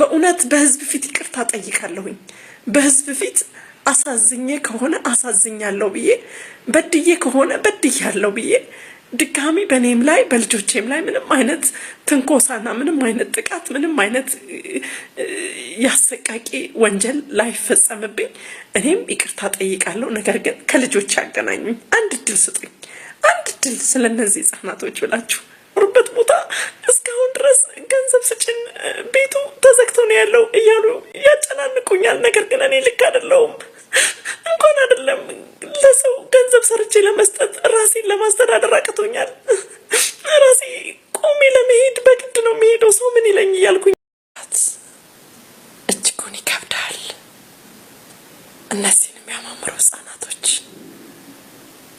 በእውነት በህዝብ ፊት ይቅርታ ጠይቃለሁኝ። በህዝብ ፊት አሳዝኜ ከሆነ አሳዝኛለሁ ብዬ በድዬ ከሆነ በድያለሁ ብዬ ድጋሚ በእኔም ላይ በልጆቼም ላይ ምንም አይነት ትንኮሳና ምንም አይነት ጥቃት ምንም አይነት ያሰቃቂ ወንጀል ላይፈጸምብኝ እኔም ይቅርታ ጠይቃለሁ። ነገር ግን ከልጆች ያገናኙኝ አንድ ድል ስጡኝ። አንድ ድል ስለነዚህ ህጻናቶች ብላችሁ ሩበት ቦታ ድረስ ገንዘብ ስጭን፣ ቤቱ ተዘግቶ ነው ያለው እያሉ ያጨናንቁኛል። ነገር ግን እኔ ልክ አይደለሁም። እንኳን አይደለም ለሰው ገንዘብ ሰርቼ ለመስጠት ራሴን ለማስተዳደር አቅቶኛል። ራሴ ቆሜ ለመሄድ በግድ ነው የሚሄደው። ሰው ምን ይለኝ እያልኩኝ እጅጉን ይከብዳል። እነዚህን የሚያማምሩ ህጻናቶች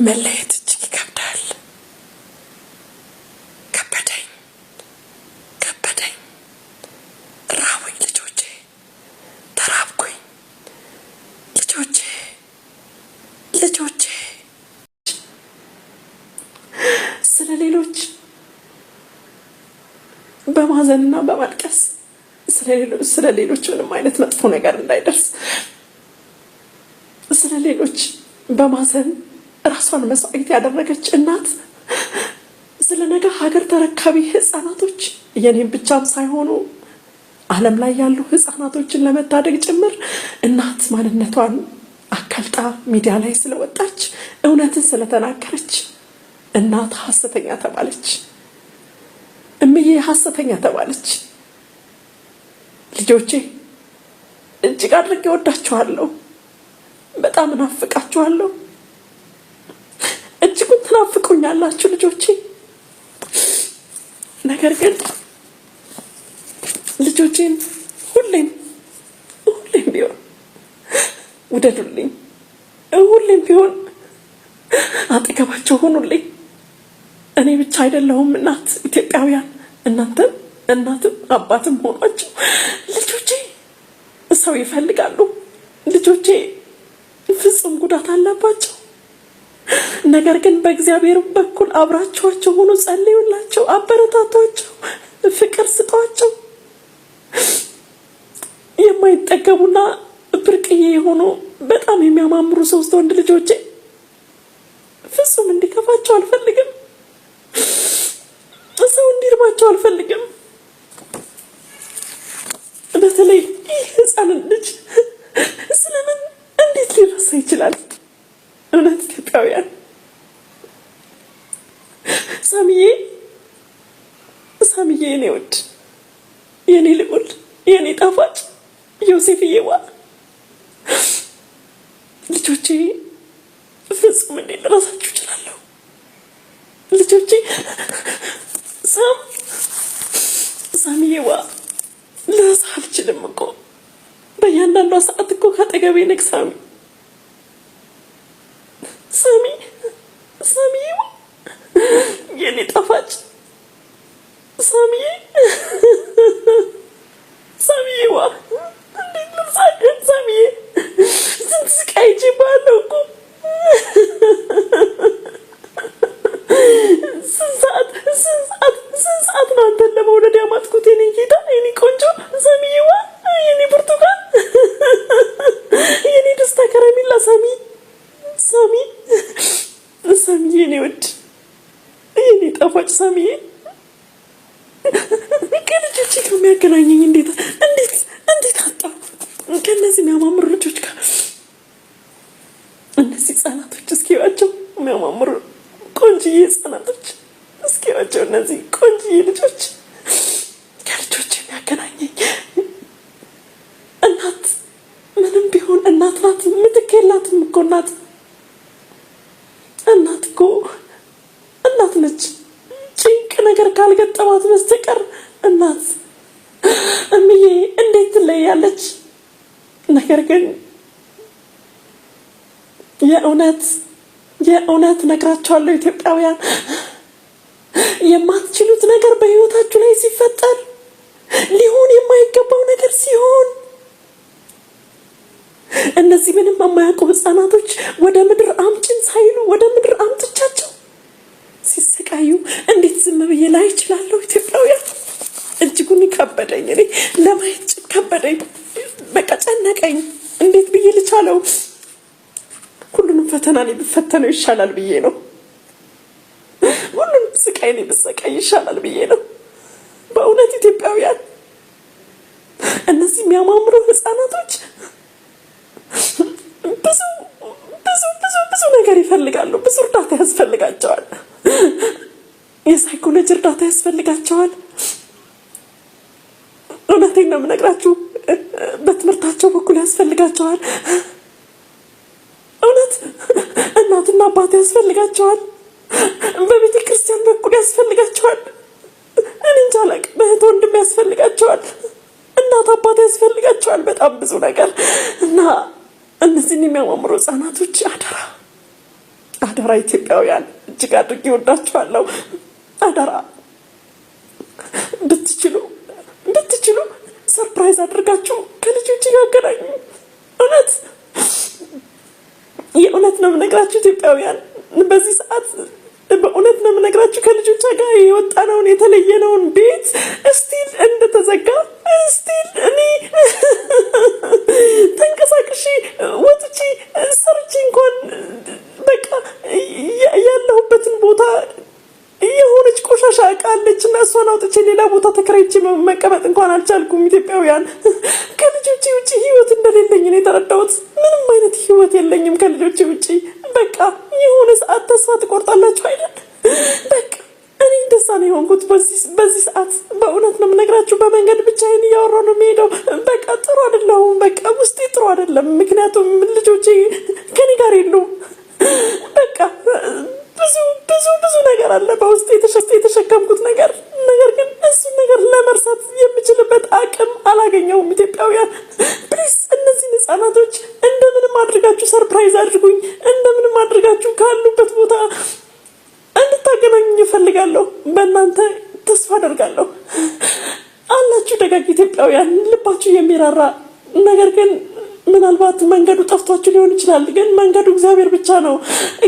መለየት ልጆቼ ስለ ሌሎች በማዘንና በማልቀስ ስለ ሌሎች ምንም አይነት መጥፎ ነገር እንዳይደርስ ስለ ሌሎች በማዘን ራሷን መስዋዕት ያደረገች እናት ስለ ነገ ሀገር ተረካቢ ህፃናቶች የኔም ብቻም ሳይሆኑ ዓለም ላይ ያሉ ህፃናቶችን ለመታደግ ጭምር እናት ማንነቷን ገልጣ ሚዲያ ላይ ስለወጣች እውነትን ስለተናገረች እናት ሀሰተኛ ተባለች። እምዬ ሀሰተኛ ተባለች። ልጆቼ እጅግ አድርጌ ወዳችኋለሁ። በጣም እናፍቃችኋለሁ። እጅጉን ትናፍቁኛላችሁ ልጆቼ። ነገር ግን ልጆቼን ሁሌም ሁሌም ቢሆን ውደዱልኝ። ሁሌም ቢሆን አጠገባቸው ሆኑልኝ። እኔ ብቻ አይደለሁም እናት፣ ኢትዮጵያውያን እናንተም እናትም አባትም ሆኗቸው ልጆቼ ሰው ይፈልጋሉ። ልጆቼ ፍጹም ጉዳት አለባቸው። ነገር ግን በእግዚአብሔር በኩል አብራችኋቸው ሆኖ ጸልዩላቸው፣ አበረታቷቸው፣ ፍቅር ስጧቸው። የማይጠገቡና ብርቅዬ የሆኑ በጣም የሚያማምሩ ሶስት ወንድ ልጆቼ ፍጹም እንዲከፋቸው አልፈልግም። ሰው እንዲርባቸው አልፈልግም። በተለይ ይህ ህፃን ልጅ ስለምን እንዴት ሊረሳ ይችላል? እውነት ኢትዮጵያውያን ሳሚዬ ሳሚዬ የኔ ውድ የኔ ልዑል የኔ ጣፋጭ ዮሴፍዬዋ ልጆቼ ፍጹም እንዴት ልረሳችሁ እችላለሁ? ልጆቼ ሳም ሳሚዬዋ ልረሳህ አልችልም እኮ በእያንዳንዷ ሰዓት እኮ ከአጠገቤ ነህ ሳሚ ሳሚ ሳሚዬዋ የኔ ጣፋጭ ሳሚዬ ሳሚዬዋ እንዴት ልርሳህ ሳሚዬ Skatebanku. ስንት ሰዓት ስንት ሰዓት ነው አንተን ለመውለድ ያማጥኩት? የኔ ጌታ፣ የኔ ቆንጆ ሰሚዋ፣ የኔ ብርቱካን፣ የኔ ደስታ ከረሜላ፣ ሰሚ ሰሚ ሰሚ፣ የኔ ውድ፣ የኔ ጣፋጭ ሰሚ፣ ከልጆቼ ከሚያገናኘኝ እንዴት እንዴት እንዴት አጣሁ ከእነዚህ የሚያማምር ልጆች ጋር የሚያማምሩ ቆንጅዬ ህጻናቶች። እስኪያቸው እነዚህ ቆንጅዬ ልጆች ከልጆች የሚያገናኘኝ እናት ምንም ቢሆን እናት ናት። ምትክ የላትም እኮ እናት እናት እኮ እናት ነች። ጭንቅ ነገር ካልገጠማት በስተቀር እናት እምዬ እንዴት ትለያለች? ነገር ግን የእውነት የእውነት ነግራቸዋለሁ ኢትዮጵያውያን የማትችሉት ነገር በህይወታችሁ ላይ ሲፈጠር ሊሆን የማይገባው ነገር ሲሆን እነዚህ ምንም የማያውቁ ህጻናቶች ወደ ምድር አምጭን ሳይሉ ወደ ምድር አምጥቻቸው ሲሰቃዩ እንዴት ዝም ብዬ ላይ እችላለሁ? ኢትዮጵያውያን እጅጉን ከበደኝ። እኔ ለማየት ከበደኝ። በቃ ጨነቀኝ። እንዴት ብዬ ልቻለው? ፈተና ነው ብፈተነው ይሻላል ብዬ ነው። ሁሉንም ስቃይ ነው የምሰቃይ ይሻላል ብዬ ነው። በእውነት ኢትዮጵያውያን፣ እነዚህ የሚያማምሩ ህፃናቶች ብዙ ብዙ ብዙ ብዙ ነገር ይፈልጋሉ። ብዙ እርዳታ ያስፈልጋቸዋል። የሳይኮሎጂ እርዳታ ያስፈልጋቸዋል። እውነቴን ነው የምነግራችሁ። በትምህርታቸው በኩል ያስፈልጋቸዋል። አባት ያስፈልጋቸዋል፣ በቤተ ክርስቲያን በኩል ያስፈልጋቸዋል፣ እንጃ አላውቅም፣ በእህት ወንድም ያስፈልጋቸዋል፣ እናት አባት ያስፈልጋቸዋል፣ በጣም ብዙ ነገር እና እነዚህን የሚያማምሩ ህጻናቶች አደራ አደራ፣ ኢትዮጵያውያን እጅግ አድርጌ ወዳችኋለሁ። አደራ እንድትችሉ እንድትችሉ ሰርፕራይዝ አድርጋችሁ ከልጆች ያገናኙ እውነት የእውነት ነው የምነግራችሁ ኢትዮጵያውያን፣ በዚህ ሰዓት በእውነት ነው የምነግራችሁ ከልጆቿ ጋር የወጣነውን የተለየነውን ቤት እስቲል እንደተዘጋ እስቲል እኔ ተንቀሳቅሺ ወጥቼ ሰርቼ እንኳን በቃ ያለሁበትን ቦታ የሆነች ቆሻሻ እቃ አለች እና እሷን አውጥቼ ሌላ ቦታ ተከራይቼ መቀመጥ እንኳን አልቻልኩም። ኢትዮጵያውያን ከልጆች ውጭ ህይወት እንደሌለኝ ነው የተረዳሁት። ምንም አይነት ህይወት የለኝም ከልጆች ውጭ። በቃ የሆነ ሰዓት ተስፋ ትቆርጣላችሁ አይደል? በቃ እኔ እንደዛ ነው የሆንኩት። በዚህ ሰዓት በእውነት ነው የምነግራችሁ። በመንገድ ብቻዬን እያወራሁ ነው የሚሄደው። በቃ ጥሩ አይደለሁም። በቃ ውስጤ ጥሩ አይደለም። ምክንያቱም ልጆቼ ከኔ ጋር የሉም። አለ በውስጥ የተሸከምኩት ነገር። ነገር ግን እሱን ነገር ለመርሳት የምችልበት አቅም አላገኘውም። ኢትዮጵያውያን ፕሊስ፣ እነዚህን ህጻናቶች እንደምንም አድርጋችሁ ሰርፕራይዝ አድርጉኝ፣ እንደምንም አድርጋችሁ ካሉበት ቦታ እንድታገናኙኝ እፈልጋለሁ። በእናንተ ተስፋ አደርጋለሁ። አላችሁ ደጋግ ኢትዮጵያውያን፣ ልባችሁ የሚራራ ነገር ግን ምናልባት መንገዱ ጠፍቷችሁ ሊሆን ይችላል። ግን መንገዱ እግዚአብሔር ብቻ ነው።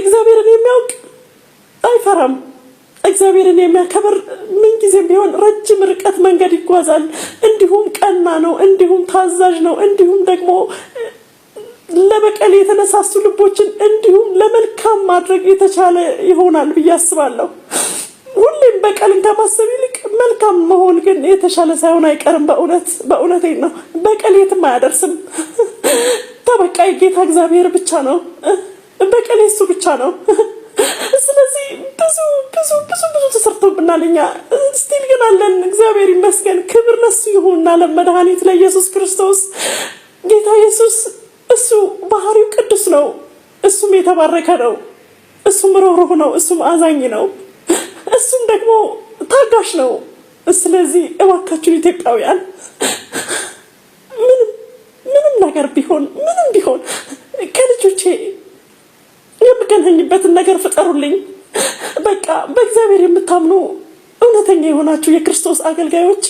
እግዚአብሔርን የሚያውቅ አይፈራም። እግዚአብሔርን የሚያከብር ምንጊዜም ቢሆን ረጅም ርቀት መንገድ ይጓዛል። እንዲሁም ቀና ነው፣ እንዲሁም ታዛዥ ነው፣ እንዲሁም ደግሞ ለበቀል የተነሳሱ ልቦችን እንዲሁም ለመልካም ማድረግ የተቻለ ይሆናል ብዬ አስባለሁ። ሁሌም በቀልን ከማሰብ ይልቅ መልካም መሆን ግን የተሻለ ሳይሆን አይቀርም። በእውነት በእውነቴን ነው። በቀል የትም አያደርስም። ተበቃይ ጌታ እግዚአብሔር ብቻ ነው። በቀል የሱ ብቻ ነው። ብዙ ብዙ ብዙ ብዙ ተሰርቶብናል። እኛ ስቲል ግን አለን። እግዚአብሔር ይመስገን። ክብር ለሱ ይሁንና መድኃኒት ለኢየሱስ ክርስቶስ ጌታ ኢየሱስ። እሱ ባህሪው ቅዱስ ነው። እሱም የተባረከ ነው። እሱም ርኅሩህ ነው። እሱም አዛኝ ነው። እሱም ደግሞ ታጋሽ ነው። ስለዚህ እባካችን ኢትዮጵያውያን ምንም ምንም ነገር ቢሆን ምንም ቢሆን ከልጆቼ የምገናኝበትን ነገር ፍጠሩልኝ። በቃ በእግዚአብሔር የምታምኑ እውነተኛ የሆናችሁ የክርስቶስ አገልጋዮች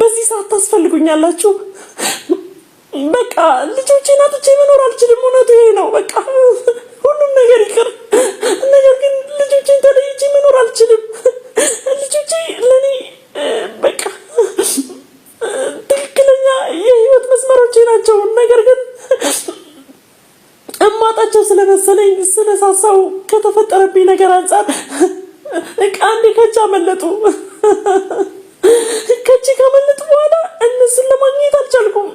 በዚህ ሰዓት ታስፈልጉኛላችሁ። በቃ ልጆቼን አጥቼ መኖር አልችልም። እውነቱ ይሄ ነው። በቃ ሁሉም ነገር ይቅር፣ ነገር ግን ልጆቼን ተለይቼ መኖር አልችልም። ማጣቸው ስለመሰለኝ ስለሳሳው ከተፈጠረብኝ ነገር አንጻር አንዴ ከቻ አመለጡ። ከቺ ካመለጡ በኋላ እነሱን ለማግኘት አልቻልኩም።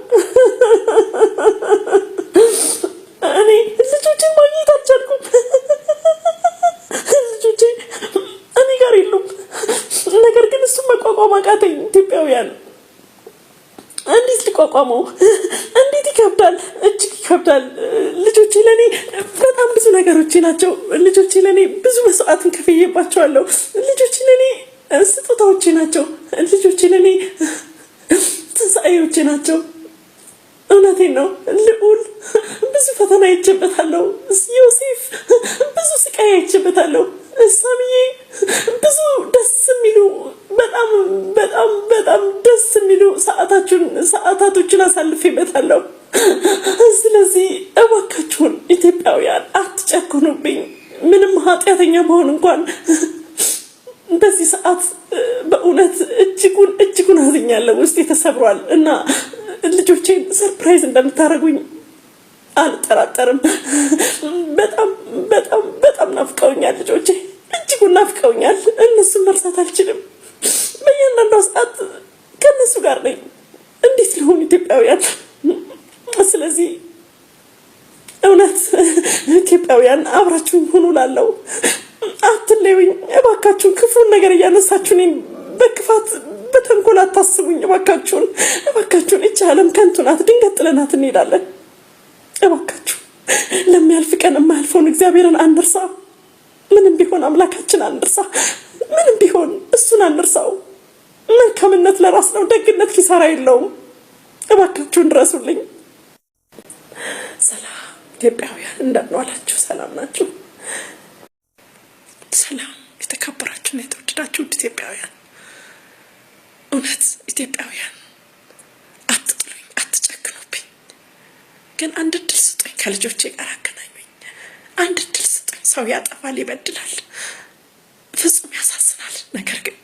እኔ ልጆችን ማግኘት አልቻልኩም። ልጆቼ እኔ ጋር የሉም። ነገር ግን እሱን መቋቋም አቃተኝ። ኢትዮጵያውያን እንዴት ሊቋቋመው ይከብዳል። ልጆች ለእኔ በጣም ብዙ ነገሮች ናቸው። ልጆች ለእኔ ብዙ መስዋዕትን ከፍዬባቸዋለሁ። ልጆች ለእኔ ስጦታዎች ናቸው። ልጆች ለእኔ ትንሣኤዎቼ ናቸው። እውነቴን ነው። ልዑል ብዙ ፈተና ይችበታለሁ። ዮሴፍ ብዙ ስቃይ ይችበታለሁ። ሳምዬ ብዙ ደስ የሚሉ በጣም በጣም በጣም ደስ የሚሉ ሰዓታችን ሰዓታቶችን አሳልፌበታለሁ። ስለዚህ እባካችሁን ኢትዮጵያውያን አትጨክኑብኝ። ምንም ኃጢአተኛ በሆን እንኳን በዚህ ሰዓት በእውነት እጅጉን እጅጉን አዝኛለሁ። ውስጤ ተሰብሯል እና ልጆቼን ሰርፕራይዝ እንደምታደርጉኝ አልጠራጠርም። በጣም በጣም በጣም ናፍቀውኛል። ልጆቼ እጅጉን ናፍቀውኛል። እነሱን መርሳት አልችልም። በእያንዳንዷ ሰዓት ከእነሱ ጋር ነኝ። እንዴት ሊሆኑ ኢትዮጵያውያን ስለዚህ እውነት ኢትዮጵያውያን አብራችሁኝ ሁኑ ላለው አትለዩኝ እባካችሁን። ክፉን ነገር እያነሳችሁ እኔን በክፋት በተንኮል አታስቡኝ እባካችሁን፣ እባካችሁን። እች ዓለም ከንቱ ናት፣ ድንገት ጥለናት እንሄዳለን። እባካችሁ ለሚያልፍ ቀን የማያልፈውን እግዚአብሔርን አንርሳ። ምንም ቢሆን አምላካችን አንርሳ። ምንም ቢሆን እሱን አንርሳው። መልካምነት ለራስ ነው፣ ደግነት ኪሳራ የለውም። እባካችሁን ድረሱልኝ። ሰላም ኢትዮጵያውያን እንደምንዋላችሁ፣ ሰላም ናችሁ? ሰላም የተከበራችሁና የተወደዳችሁ ውድ ኢትዮጵያውያን፣ እውነት ኢትዮጵያውያን አትጥሉኝ፣ አትጨክኑብኝ። ግን አንድ እድል ስጡኝ፣ ከልጆቼ ጋር አገናኙኝ። አንድ እድል ስጡኝ። ሰው ያጠፋል፣ ይበድላል፣ ፍጹም ያሳዝናል። ነገር ግን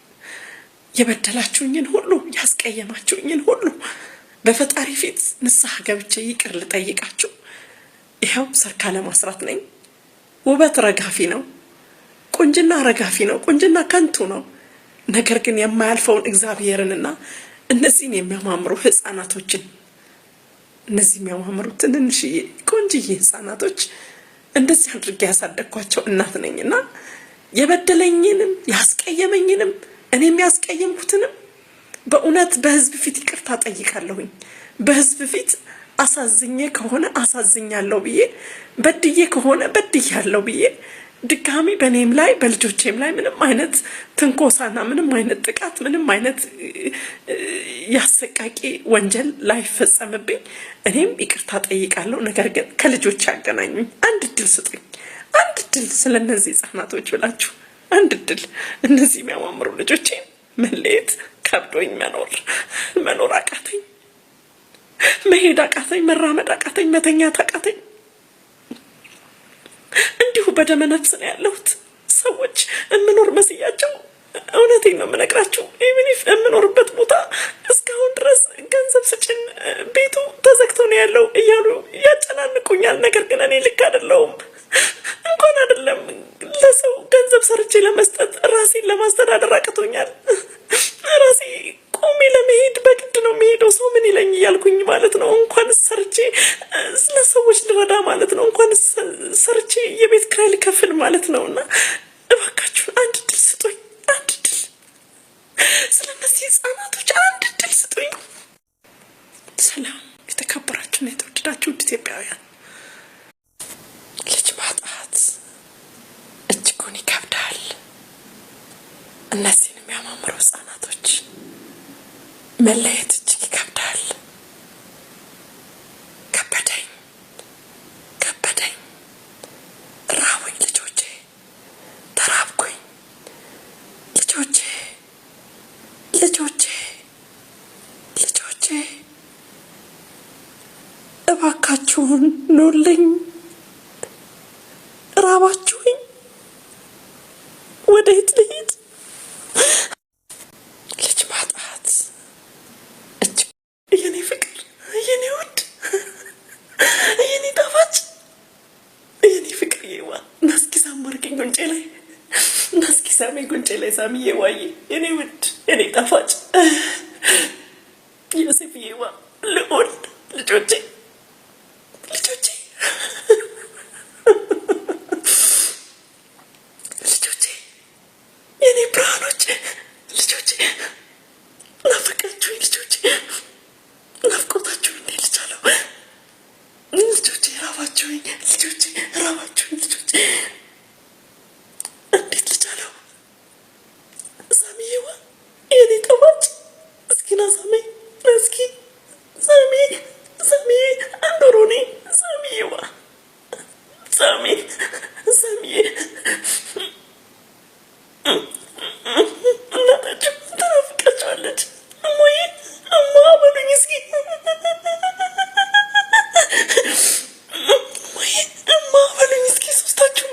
የበደላችሁኝን ሁሉ ያስቀየማችሁኝን ሁሉ በፈጣሪ ፊት ንስሐ ገብቼ ይቅር ልጠይቃችሁ ይኸው ሰርካ ለማስራት ነኝ። ውበት ረጋፊ ነው፣ ቁንጅና ረጋፊ ነው፣ ቁንጅና ከንቱ ነው። ነገር ግን የማያልፈውን እግዚአብሔርንና እነዚህን የሚያማምሩ ህፃናቶችን እነዚህ የሚያማምሩ ትንንሽዬ ቆንጅዬ ህፃናቶች እንደዚህ አድርጌ ያሳደግኳቸው እናት ነኝ ና የበደለኝንም ያስቀየመኝንም እኔም ያስቀየምኩትንም በእውነት በህዝብ ፊት ይቅርታ ጠይቃለሁኝ በህዝብ ፊት አሳዝኜ ከሆነ አሳዝኛለሁ ብዬ በድዬ ከሆነ በድያለሁ ብዬ ድጋሚ በእኔም ላይ በልጆቼም ላይ ምንም አይነት ትንኮሳና ምንም አይነት ጥቃት ምንም አይነት ያሰቃቂ ወንጀል ላይፈጸምብኝ እኔም ይቅርታ ጠይቃለሁ። ነገር ግን ከልጆች ያገናኙኝ አንድ እድል ስጡኝ፣ አንድ እድል ስለ እነዚህ ህጻናቶች ብላችሁ አንድ እድል እነዚህ የሚያማምሩ ልጆቼ መለየት ከብዶኝ መኖር መኖር አቃተኝ። መሄድ አቃተኝ፣ መራመድ አቃተኝ፣ መተኛት አቃተኝ። እንዲሁ በደመ ነፍስ ነው ያለሁት። ሰዎች የምኖር መስያቸው፣ እውነቴን ነው የምነግራቸው። ኢሚኒፍ የምኖርበት ቦታ እስካሁን ድረስ ገንዘብ ስጭን፣ ቤቱ ተዘግቶ ነው ያለው እያሉ ያጨናንቁኛል። ነገር ግን እኔ ልክ አይደለሁም። እንኳን አይደለም ለሰው ገንዘብ ሰርቼ ለመስጠት ራሴን ለማስተዳደር አቅቶኛል። መለየት እጅግ ይከብዳል። ከበደኝ ከበደኝ፣ ራቡኝ ልጆቼ፣ ተራብኩኝ ልጆቼ፣ ልጆቼ፣ ልጆቼ፣ እባካችሁን ኑልኝ። ላይ ሳምዬ ዋዬ እኔ ውድ እኔ ጣፋጭ የሴፍዬ ዋ ልዑል ልጆቼ ልጆቼ ልጆቼ የኔ ብርሃኖች ልጆቼ ናፈቃችሁ ልጆቼ ናፍቆታችሁ እንዴ ልቻለው ልጆቼ ራባችሁኝ ልጆቼ ራባችሁኝ ልጆቼ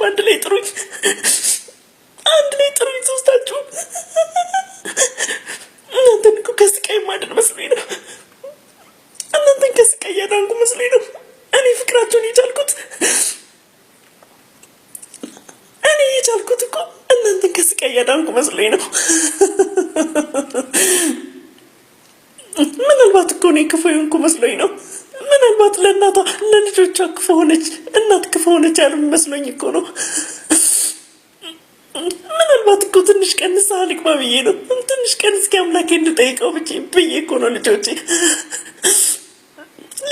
አንድ ላይ ጥሩኝ፣ አንድ ላይ ጥሩኝ ሶስታችሁ። እናንተን እኮ ከስቃይ ማድን መስሎኝ ነው። እናንተን ከስቃይ ያዳንኩ መስሎኝ ነው። እኔ ፍቅራቸውን የቻልኩት እኔ የቻልኩት እኮ እናንተን ከስቃይ ያዳንኩ መስሎኝ ነው። ምናልባት እኮ እኔ ክፉ የሆንኩ መስሎኝ ነው። ምናልባት ለእናቷ ለልጆቿ ክፉ ሆነች ምናልባት ክፉ ሆነች ያሉ መስሎኝ እኮ ነው። ምናልባት እኮ ትንሽ ቀን ንስሐ ልግባ ብዬ ነው። ትንሽ ቀን እስኪ አምላክ እንድጠይቀው ብ ብዬ እኮ ነው። ልጆቼ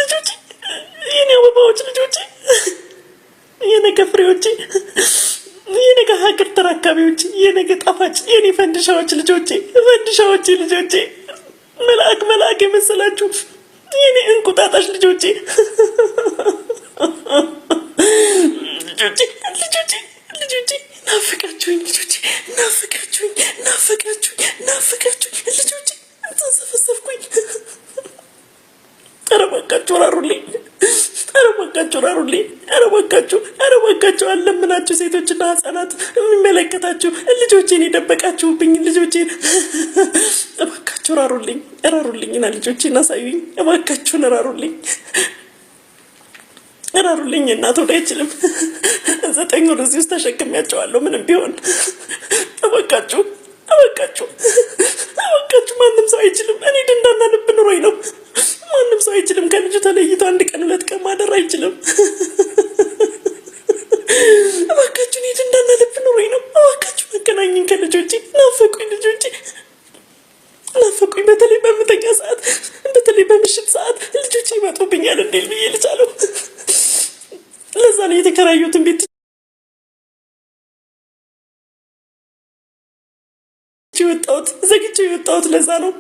ልጆቼ፣ የኔ አበባዎች ልጆቼ፣ የነገ ፍሬዎቼ፣ የነገ ሀገር ተራካቢዎች፣ የነገ ጣፋጭ የኔ ፈንድሻዎች ልጆቼ፣ ፈንድሻዎቼ ልጆቼ፣ መልአክ መልአክ የመሰላችሁ የኔ እንቁጣጣሽ ልጆቼ ልጆቼ ልጆቼ ልጆቼ ናፍቃችሁኝ ልጆቼ ናፍቃችሁኝ ናፍቃችሁኝ ናፍቃችሁኝ ልጆቼ ተንሰፈሰፍኩኝ። ኧረ እባካችሁ ራሩልኝ። ኧረ እባካችሁ ራሩልኝ። ኧረ እባካችሁ ኧረ እባካችሁ አለምናችሁ ሴቶችና ሕጻናት የሚመለከታችሁ ልጆቼን የደበቃችሁብኝ ልጆቼን እባካችሁ ራሩልኝ ራሩልኝና ልጆቼን አሳዩኝ እባካችሁን ራሩልኝ። ቅረሩልኝ እናት ወደ አይችልም። ዘጠኝ ወር እዚህ ውስጥ ተሸክሚያቸዋለሁ። ምንም ቢሆን አበቃችሁ፣ አበቃችሁ፣ አበቃችሁ። ማንም ሰው አይችልም። እኔ ድንዳና ልብ ኑሮኝ ነው። ማንም ሰው አይችልም። ከልጁ ተለይቶ አንድ ቀን ሁለት ቀን ማደር አይችልም። አበቃችሁ፣ እኔ ድንዳና ልብ ኑሮኝ ነው። አበቃችሁ፣ መገናኝን ከልጆቼ ናፈቁኝ፣ ልጆቼ ናፈቁኝ። በተለይ በምተኛ ሰዓት፣ በተለይ በምሽት ሰዓት ልጆቼ ይመጡብኛል እንዴል ብዬ ልጅ የተከራዩትን ቤት የወጣሁት ዘግቼ የወጣሁት ለዛ ነው።